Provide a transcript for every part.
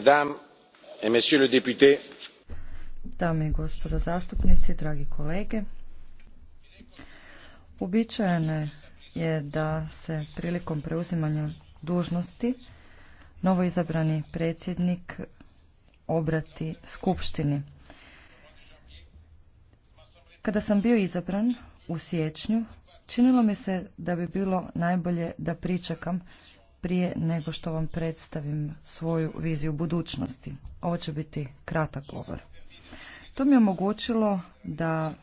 dame i gospodo zastupnici dragi kolege uobičajeno je da se prilikom preuzimanja dužnosti novoizabrani predsjednik obrati skupštini kada sam bio izabran u siječnju činilo mi se da bi bilo najbolje da pričekam prije nego što vam predstavim svoju viziju budućnosti. Ovo će biti kratak govor. To mi je omogućilo da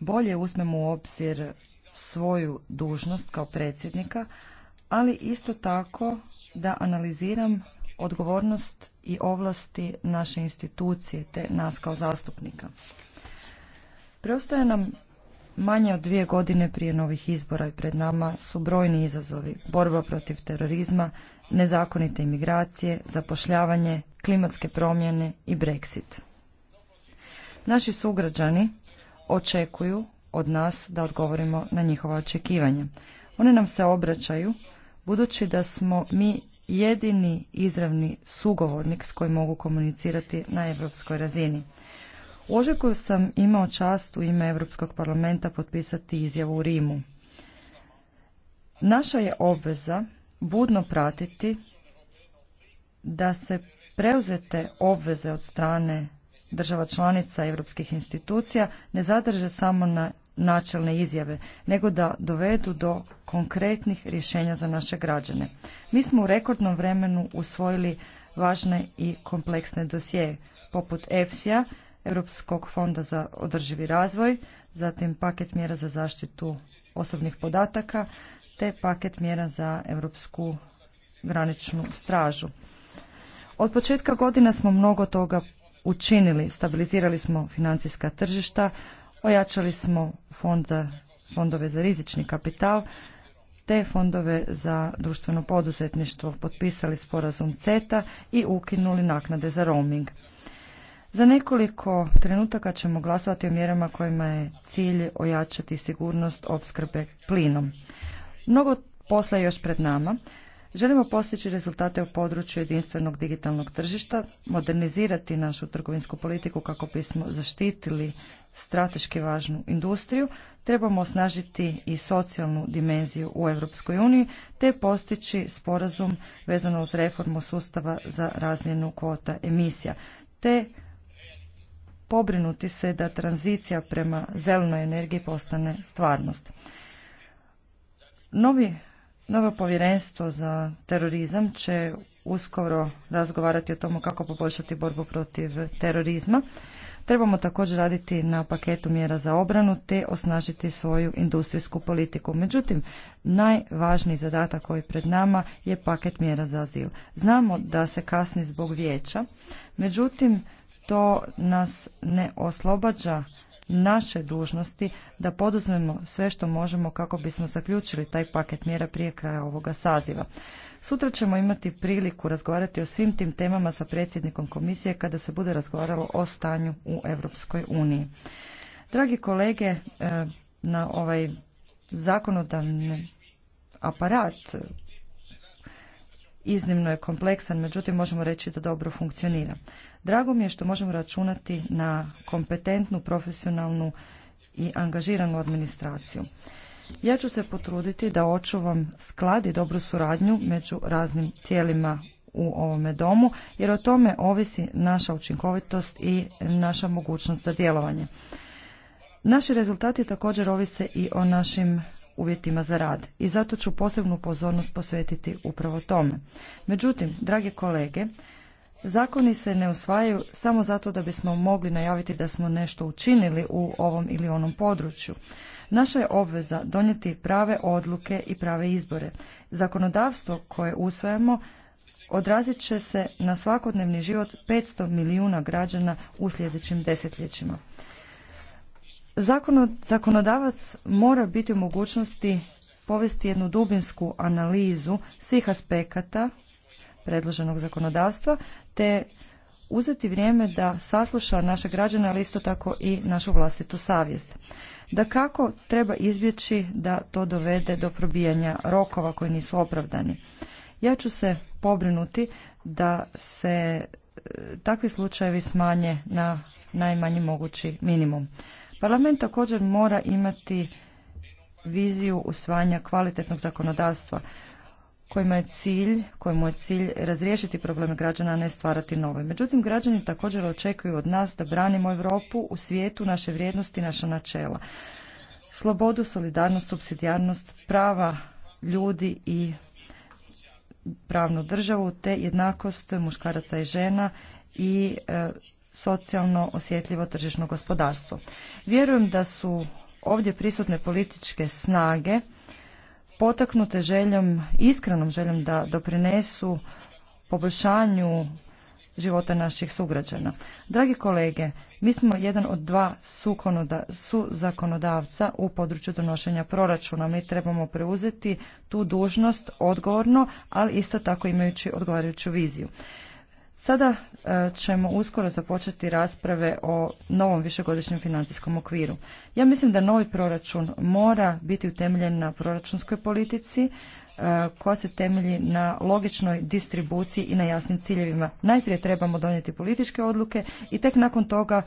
bolje uzmem u obzir svoju dužnost kao predsjednika, ali isto tako da analiziram odgovornost i ovlasti naše institucije te nas kao zastupnika. Preostaje nam Manje od dvije godine prije novih izbora i pred nama su brojni izazovi, borba protiv terorizma, nezakonite imigracije, zapošljavanje, klimatske promjene i Brexit. Naši sugrađani očekuju od nas da odgovorimo na njihova očekivanja. oni nam se obraćaju budući da smo mi jedini izravni sugovornik s kojim mogu komunicirati na europskoj razini. U ožujku sam imao čast u ime Europskog parlamenta potpisati izjavu u Rimu. Naša je obveza budno pratiti da se preuzete obveze od strane država članica europskih institucija ne zadrže samo na načelne izjave, nego da dovedu do konkretnih rješenja za naše građane. Mi smo u rekordnom vremenu usvojili važne i kompleksne dosije, poput EFSI-a, Europskog fonda za održivi razvoj, zatim paket mjera za zaštitu osobnih podataka te paket mjera za Europsku graničnu stražu. Od početka godina smo mnogo toga učinili. Stabilizirali smo financijska tržišta, ojačali smo fond fondove za rizični kapital, te fondove za društveno poduzetništvo potpisali sporazum CETA i ukinuli naknade za roaming. Za nekoliko trenutaka ćemo glasovati o mjerama kojima je cilj ojačati sigurnost opskrbe plinom. Mnogo posla je još pred nama. Želimo postići rezultate u području jedinstvenog digitalnog tržišta, modernizirati našu trgovinsku politiku kako bismo zaštitili strateški važnu industriju, trebamo osnažiti i socijalnu dimenziju u Europskoj uniji te postići sporazum vezano uz reformu sustava za razmjenu kvota emisija te pobrinuti se da tranzicija prema zelenoj energiji postane stvarnost. Novi, novo povjerenstvo za terorizam će uskoro razgovarati o tomu kako poboljšati borbu protiv terorizma. Trebamo također raditi na paketu mjera za obranu te osnažiti svoju industrijsku politiku. Međutim, najvažniji zadatak koji je pred nama je paket mjera za azil. Znamo da se kasni zbog vijeća, međutim to nas ne oslobađa naše dužnosti da poduzmemo sve što možemo kako bismo zaključili taj paket mjera prije kraja ovoga saziva. Sutra ćemo imati priliku razgovarati o svim tim temama sa predsjednikom komisije kada se bude razgovaralo o stanju u Europskoj uniji. Dragi kolege, eh, na ovaj zakonodavni aparat iznimno je kompleksan, međutim možemo reći da dobro funkcionira. Drago mi je što možemo računati na kompetentnu, profesionalnu i angažiranu administraciju. Ja ću se potruditi da očuvam sklad i dobru suradnju među raznim tijelima u ovome domu, jer o tome ovisi naša učinkovitost i naša mogućnost za djelovanje. Naši rezultati također ovise i o našim uvjetima za rad i zato ću posebnu pozornost posvetiti upravo tome. Međutim, drage kolege, zakoni se ne usvajaju samo zato da bismo mogli najaviti da smo nešto učinili u ovom ili onom području. Naša je obveza donijeti prave odluke i prave izbore. Zakonodavstvo koje usvajamo odrazit će se na svakodnevni život 500 milijuna građana u sljedećim desetljećima. Zakonodavac mora biti u mogućnosti povesti jednu dubinsku analizu svih aspekata predloženog zakonodavstva te uzeti vrijeme da sasluša naše građane, ali isto tako i našu vlastitu savjest. Da kako treba izbjeći da to dovede do probijanja rokova koji nisu opravdani. Ja ću se pobrinuti da se e, takvi slučajevi smanje na najmanji mogući minimum. Parlament također mora imati viziju usvajanja kvalitetnog zakonodavstva kojima je cilj, kojemu je cilj razriješiti probleme građana, a ne stvarati nove. Međutim, građani također očekuju od nas da branimo Europu u svijetu, naše vrijednosti, naša načela. Slobodu, solidarnost, subsidijarnost, prava ljudi i pravnu državu, te jednakost muškaraca i žena i e, socijalno osjetljivo tržišno gospodarstvo. Vjerujem da su ovdje prisutne političke snage potaknute željom, iskrenom željom da doprinesu poboljšanju života naših sugrađana. Dragi kolege, mi smo jedan od dva su zakonodavca u području donošenja proračuna. Mi trebamo preuzeti tu dužnost odgovorno, ali isto tako imajući odgovarajuću viziju. Sada e, ćemo uskoro započeti rasprave o novom višegodišnjem financijskom okviru. Ja mislim da novi proračun mora biti utemeljen na proračunskoj politici e, koja se temelji na logičnoj distribuciji i na jasnim ciljevima. Najprije trebamo donijeti političke odluke i tek nakon toga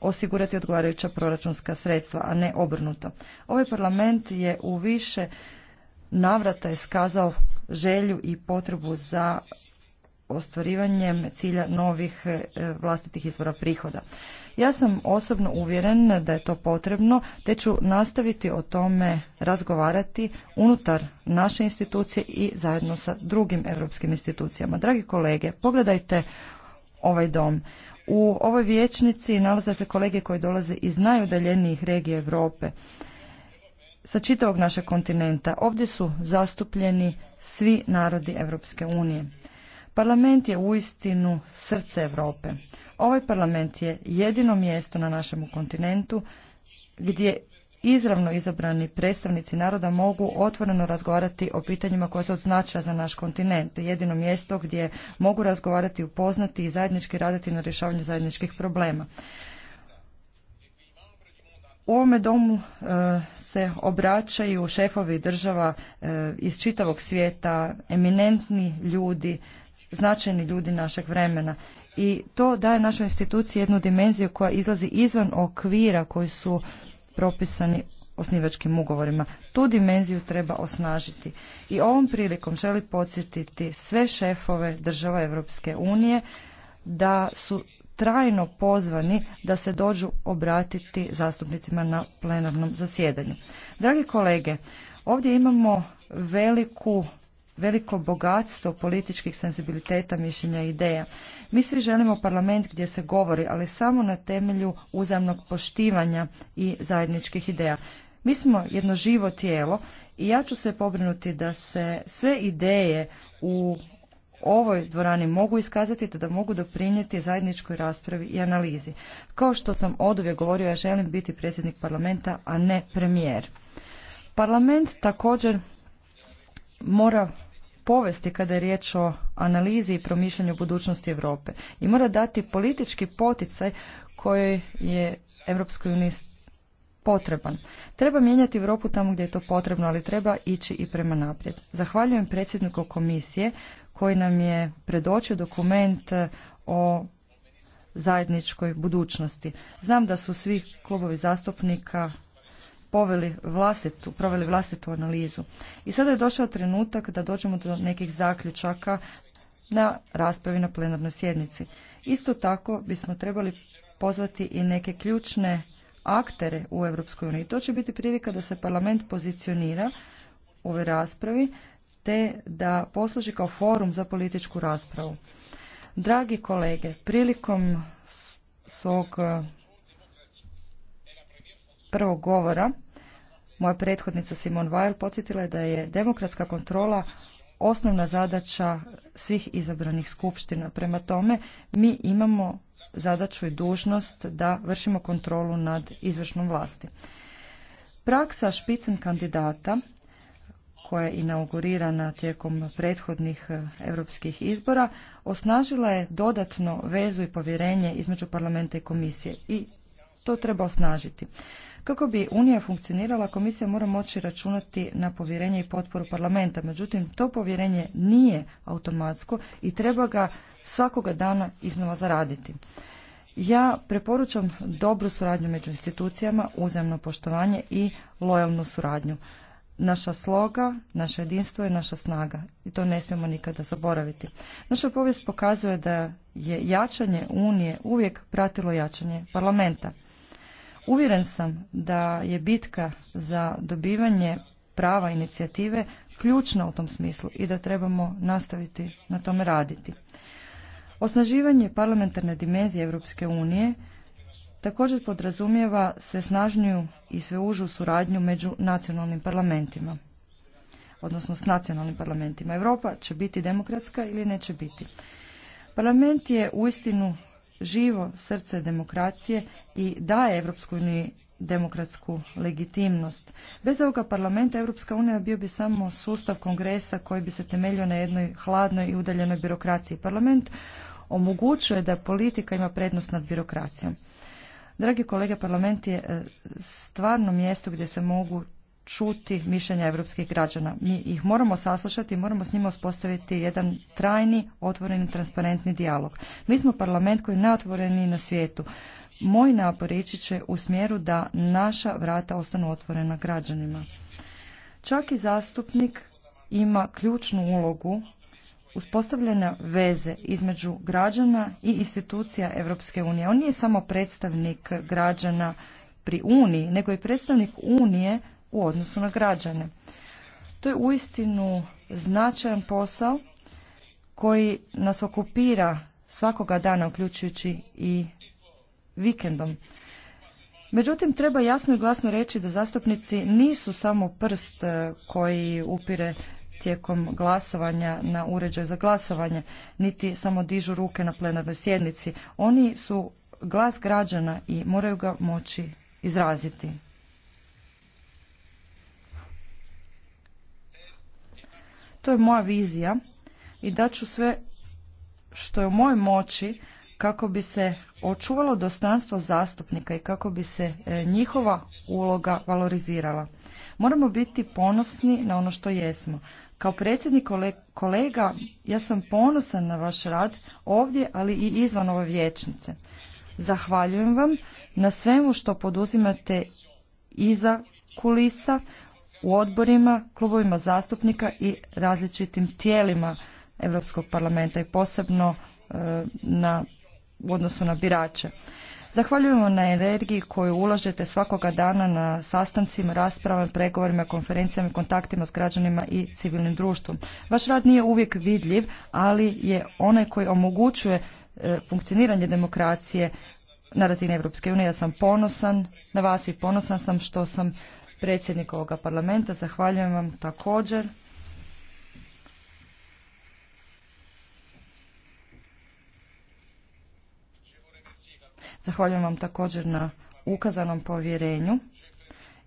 osigurati odgovarajuća proračunska sredstva, a ne obrnuto. Ovaj parlament je u više navrata iskazao želju i potrebu za ostvarivanjem cilja novih e, vlastitih izvora prihoda. Ja sam osobno uvjeren da je to potrebno, te ću nastaviti o tome razgovarati unutar naše institucije i zajedno sa drugim europskim institucijama. Dragi kolege, pogledajte ovaj dom. U ovoj vijećnici nalaze se kolege koji dolaze iz najudaljenijih regija Europe sa čitavog našeg kontinenta. Ovdje su zastupljeni svi narodi Europske unije. Parlament je uistinu srce Europe. Ovaj parlament je jedino mjesto na našem kontinentu gdje izravno izabrani predstavnici naroda mogu otvoreno razgovarati o pitanjima koja su od značaja za naš kontinent. Jedino mjesto gdje mogu razgovarati, upoznati i zajednički raditi na rješavanju zajedničkih problema. U ovome domu e, se obraćaju šefovi država e, iz čitavog svijeta, eminentni ljudi, značajni ljudi našeg vremena i to daje našoj instituciji jednu dimenziju koja izlazi izvan okvira koji su propisani osnivačkim ugovorima. Tu dimenziju treba osnažiti. I ovom prilikom želim podsjetiti sve šefove država Europske unije da su trajno pozvani da se dođu obratiti zastupnicima na plenarnom zasjedanju. Dragi kolege, ovdje imamo veliku veliko bogatstvo političkih senzibiliteta, mišljenja i ideja. Mi svi želimo parlament gdje se govori, ali samo na temelju uzajamnog poštivanja i zajedničkih ideja. Mi smo jedno živo tijelo i ja ću se pobrinuti da se sve ideje u ovoj dvorani mogu iskazati te da mogu doprinijeti zajedničkoj raspravi i analizi. Kao što sam oduvijek govorio, ja želim biti predsjednik parlamenta, a ne premijer. Parlament također mora povesti kada je riječ o analizi i promišljanju budućnosti Europe i mora dati politički poticaj koji je Europskoj uniji potreban. Treba mijenjati Europu tamo gdje je to potrebno, ali treba ići i prema naprijed. Zahvaljujem predsjedniku komisije koji nam je predočio dokument eh, o zajedničkoj budućnosti. Znam da su svi klubovi zastupnika poveli vlastitu, proveli vlastitu analizu. I sada je došao trenutak da dođemo do nekih zaključaka na raspravi na plenarnoj sjednici. Isto tako bismo trebali pozvati i neke ključne aktere u Europskoj uniji. To će biti prilika da se parlament pozicionira u ovoj raspravi te da posluži kao forum za političku raspravu. Dragi kolege, prilikom svog prvog govora moja prethodnica Simon Weil podsjetila je da je demokratska kontrola osnovna zadaća svih izabranih skupština. Prema tome, mi imamo zadaću i dužnost da vršimo kontrolu nad izvršnom vlasti. Praksa špicen kandidata koja je inaugurirana tijekom prethodnih europskih eh, izbora, osnažila je dodatno vezu i povjerenje između parlamenta i komisije i to treba osnažiti. Kako bi Unija funkcionirala, komisija mora moći računati na povjerenje i potporu parlamenta. Međutim, to povjerenje nije automatsko i treba ga svakoga dana iznova zaraditi. Ja preporučam dobru suradnju među institucijama, uzemno poštovanje i lojalnu suradnju. Naša sloga, naše jedinstvo je naša snaga i to ne smijemo nikada zaboraviti. Naša povijest pokazuje da je jačanje Unije uvijek pratilo jačanje parlamenta. Uvjeren sam da je bitka za dobivanje prava inicijative ključna u tom smislu i da trebamo nastaviti na tome raditi. Osnaživanje parlamentarne dimenzije Europske unije također podrazumijeva sve snažniju i sve užu suradnju među nacionalnim parlamentima, odnosno s nacionalnim parlamentima. Europa će biti demokratska ili neće biti. Parlament je uistinu živo srce demokracije i daje evropsku demokratsku legitimnost. Bez ovoga parlamenta Evropska unija bio bi samo sustav kongresa koji bi se temeljio na jednoj hladnoj i udaljenoj birokraciji. Parlament omogućuje da politika ima prednost nad birokracijom. Dragi kolege, parlament je e, stvarno mjesto gdje se mogu čuti mišljenja europskih građana. Mi ih moramo saslušati i moramo s njima uspostaviti jedan trajni, otvoreni, transparentni dijalog. Mi smo parlament koji je najotvoreniji na svijetu. Moj napor ići će u smjeru da naša vrata ostanu otvorena građanima. Čak i zastupnik ima ključnu ulogu uspostavljena veze između građana i institucija Europske unije. On nije samo predstavnik građana pri Uniji, nego i predstavnik Unije u odnosu na građane. To je uistinu značajan posao koji nas okupira svakoga dana, uključujući i vikendom. Međutim, treba jasno i glasno reći da zastupnici nisu samo prst e, koji upire tijekom glasovanja na uređaj za glasovanje, niti samo dižu ruke na plenarnoj sjednici. Oni su glas građana i moraju ga moći izraziti. To je moja vizija i daću sve što je u mojoj moći kako bi se očuvalo dostanstvo zastupnika i kako bi se e, njihova uloga valorizirala. Moramo biti ponosni na ono što jesmo. Kao predsjednik kolega, ja sam ponosan na vaš rad ovdje, ali i izvan ove vječnice. Zahvaljujem vam na svemu što poduzimate iza kulisa u odborima, klubovima zastupnika i različitim tijelima Europskog parlamenta i posebno e, na, u odnosu na birače. Zahvaljujemo na energiji koju ulažete svakoga dana na sastancima, raspravama, pregovorima, konferencijama i kontaktima s građanima i civilnim društvom. Vaš rad nije uvijek vidljiv, ali je onaj koji omogućuje e, funkcioniranje demokracije na razini Europske unije. Ja sam ponosan na vas i ponosan sam što sam predsjednik ovoga parlamenta. Zahvaljujem vam također. Zahvaljujem vam također na ukazanom povjerenju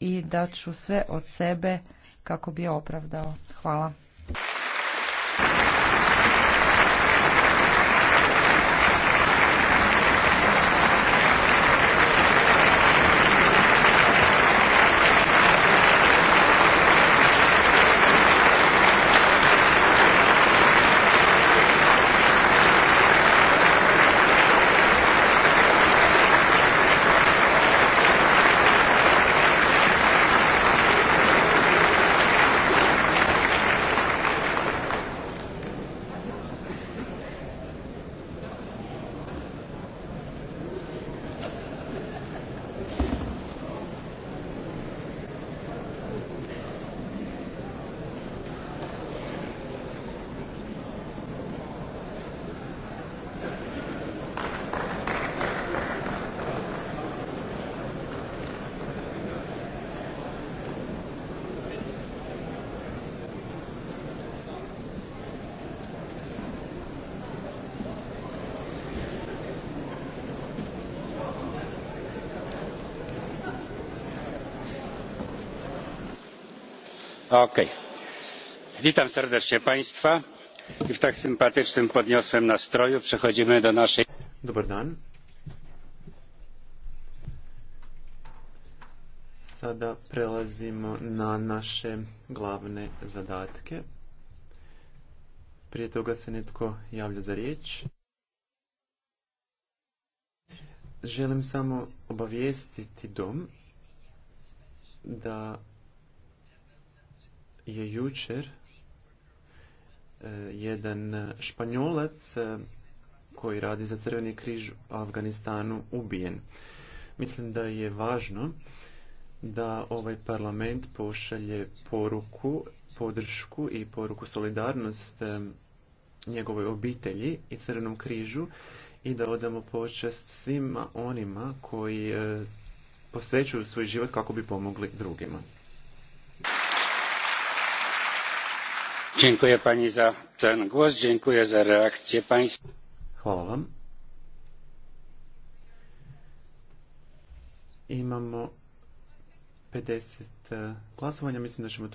i da ću sve od sebe kako bi opravdao. Hvala. Okay. witam serdecznie państwa i w tak sympatycznym podniosłym nastroju przechodzimy do naszej dobar dan sada prelazimo na naše glavne zadatke prije toga se netko javlja za riječ želim samo obavijestiti dom da je jučer e, jedan španjolac e, koji radi za Crveni križ u Afganistanu ubijen. Mislim da je važno da ovaj parlament pošalje poruku, podršku i poruku solidarnost e, njegovoj obitelji i Crvenom križu i da odamo počest svima onima koji posvećuju svoj život kako bi pomogli drugima. Dziękuję pani za ten głos, dziękuję za reakcję państwa. Hvala vam. Imamo 50 e, glasovanja, mislim da ćemo to